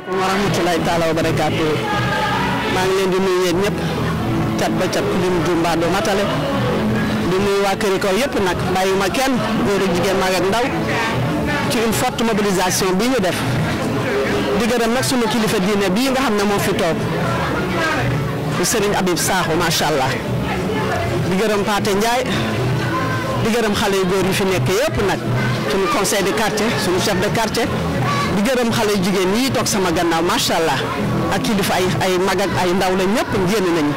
asalaamaaleykum wa rahmatulahi taala wa barakaatu maa ngi leen di nuyu yéen ñëpp cat ba cat lim jumba do matale di nuyu waa Kër Ikaw yëpp nag bàyyi ma kenn góor ak jigéen mag ndaw ci une forte mobilisation bi ñu def di gërëm nag sunu kilifa diine bii nga xam ne moom fi toog Serigne Habib Sakho macha allah di gërëm Pate Ndiaye di gërëm xale yu góor yi fi nekk yëpp nag sunu conseil de quartier sunu chef de quartier. di gërëm xale jigéen yi toog sama gannaaw macha allah ak kilifa ay ay mag ak ay ndaw la ñëpp génn nañu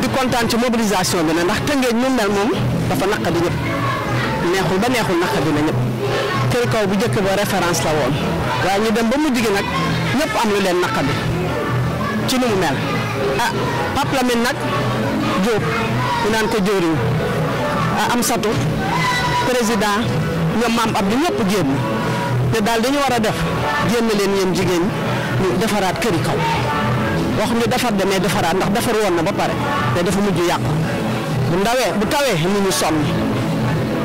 di kontaan ci mobilisation bi na ndax Tëngéej ñu mel moom dafa naqadi ñëpp neexul ba neexul naqadi na ñëpp kër bu njëkk ba référence la woon waaye ñu dem ba mu nag ñëpp am lu leen naqadi ci nu mu mel ah Pape nag Diop ñu naan ko jëriñ ah Amsatou président ñoom maam Abdou ñëpp génn. te daal dañu war a def génn leen yéen jigéen ñu defaraat këri kaw wax defar demee defaraat ndax defar woon na ba pare te dafa mujj yàqu bu ndawee bu tawee nit ñu sonn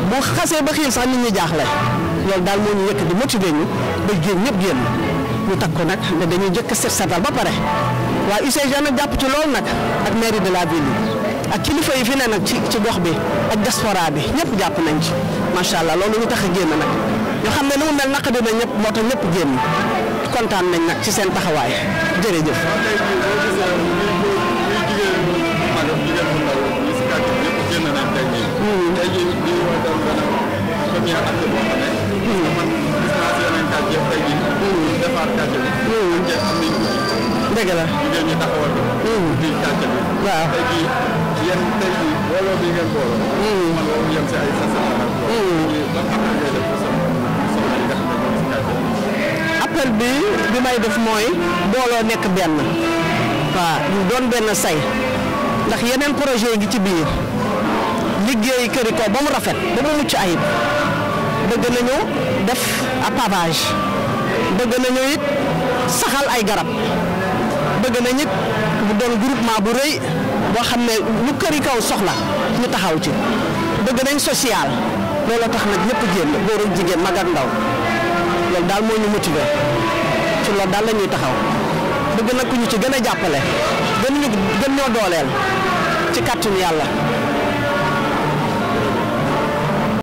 bu xasee ba xiin sax nit ñu jaaxle loolu daal moo ñu yëkk di motiver ñu ba génn ñëpp génn ñu takk ko nag ne dañuy jëkk set setal ba pare waaye UCG nag jàpp ci loolu nag ak mairie de la ville ak kilifa yi fi ne nag ci ci gox bi ak diaspora bi ñëpp jàpp nañ ci macha allah loolu ñu tax génn nag. nga xam ne ni mu mel naqadi na ñëpp moo tax ñëpp génn kontaan nañ nag ci seen taxawaay jërëjëf. dëgg la. bi may def mooy booloo nekk benn waaw ñu doon benn say ndax yeneen projet gi ci biir liggéey këri ko ba mu rafet ba mu mucc ayib bëgg nañu def pavage dëgg nañu it saxal ay garab dëgg nañu it bu doon groupement bu rëy boo xam ne lu këri soxla ñu taxaw ci dëgg nañ social loolu tax nag ñëpp génn góor jigéen mag ndaw loolu daal moo ñu motiver ci loolu daal la ñuy taxaw bëgg na ku ñu ci gën a jàppale gën ñu ñoo dooleel ci kàttanu yàlla